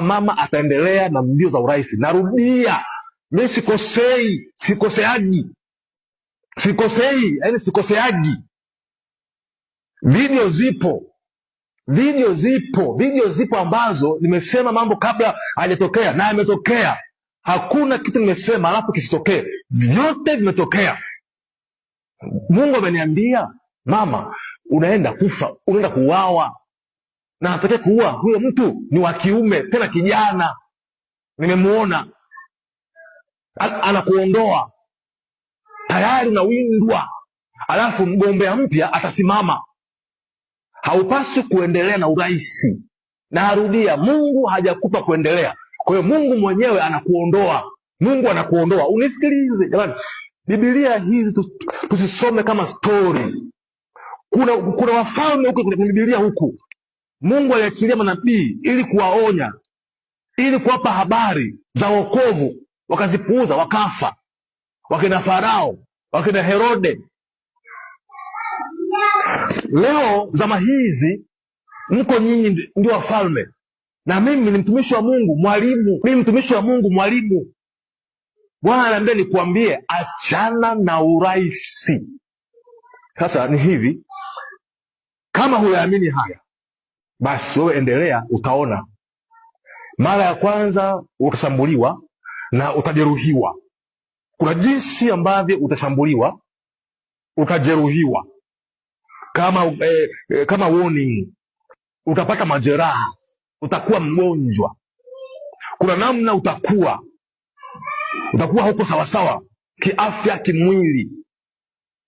mama ataendelea na mbio za urais. Narudia, mi sikosei, sikoseaji, sikosei, yaani sikoseaji. Video zipo, video zipo, video zipo ambazo nimesema mambo kabla hajatokea na yametokea. Hakuna kitu nimesema alafu kisitokee, vyote vimetokea. Mungu ameniambia mama, unaenda kufa, unaenda kuuawa na apate kuua huyo mtu ni wa kiume, tena kijana, nimemuona anakuondoa tayari na windwa, alafu mgombea mpya atasimama. Haupaswi kuendelea na urahisi Narudia, Mungu hajakupa kuendelea. Kwa hiyo Mungu mwenyewe anakuondoa, Mungu anakuondoa. Unisikilize jamani, Bibilia hizi tusisome kama stori. Kuna, kuna wafalme huku kwenye Bibilia huku Mungu aliachilia manabii ili kuwaonya, ili kuwapa habari za wokovu, wakazipuuza wakafa. Wakina Farao, wakina Herode. Leo zama hizi mko nyinyi ndio wafalme, na mimi ni mtumishi wa Mungu, mwalimu. Mimi mtumishi wa Mungu, mwalimu. Bwana anaambia nikuambie, achana na urahisi. Sasa ni hivi, kama huyaamini haya basi wewe endelea, utaona. Mara ya kwanza utashambuliwa na utajeruhiwa. Kuna jinsi ambavyo utashambuliwa utajeruhiwa, kama eh, eh, kama warning, utapata majeraha, utakuwa mgonjwa, kuna namna utakuwa utakuwa huko sawasawa kiafya, kimwili.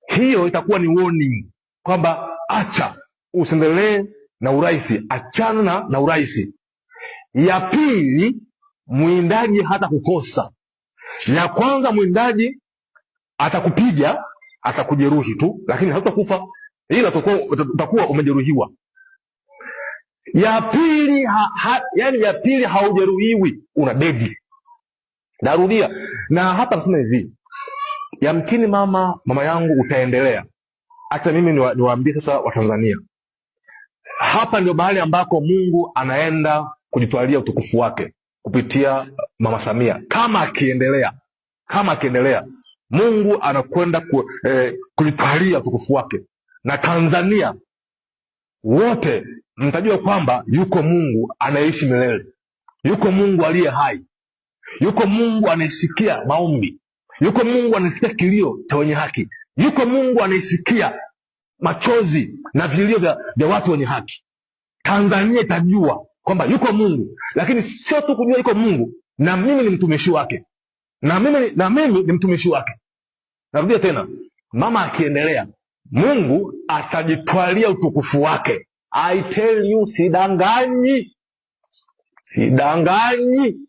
Hiyo itakuwa ni warning kwamba acha, usiendelee na uraisi, achana na uraisi. Ya pili, mwindaji hata kukosa. Ya kwanza, mwindaji atakupiga atakujeruhi tu, lakini hautakufa, ila utakuwa umejeruhiwa. Ya pili ha, ha, yani ya pili haujeruhiwi, una bedi. Narudia na hapa nasema hivi, yamkini mama mama yangu utaendelea. Acha mimi niwaambie sasa Watanzania hapa ndio mahali ambako Mungu anaenda kujitwalia utukufu wake kupitia Mama Samia, kama akiendelea, kama akiendelea, Mungu anakwenda ku, eh, kujitwalia utukufu wake, na Tanzania wote mtajua kwamba yuko Mungu anayeishi milele, yuko Mungu aliye hai, yuko Mungu anayesikia maombi, yuko Mungu anayesikia kilio cha wenye haki, yuko Mungu anayesikia machozi na vilio vya, vya watu wenye haki, Tanzania itajua kwamba yuko Mungu. Lakini sio tu kujua yuko Mungu, na mimi ni mtumishi wake, na mimi, na mimi ni mtumishi wake. Narudia tena, mama akiendelea, Mungu atajitwalia utukufu wake. I tell you, sidanganyi, sidanganyi.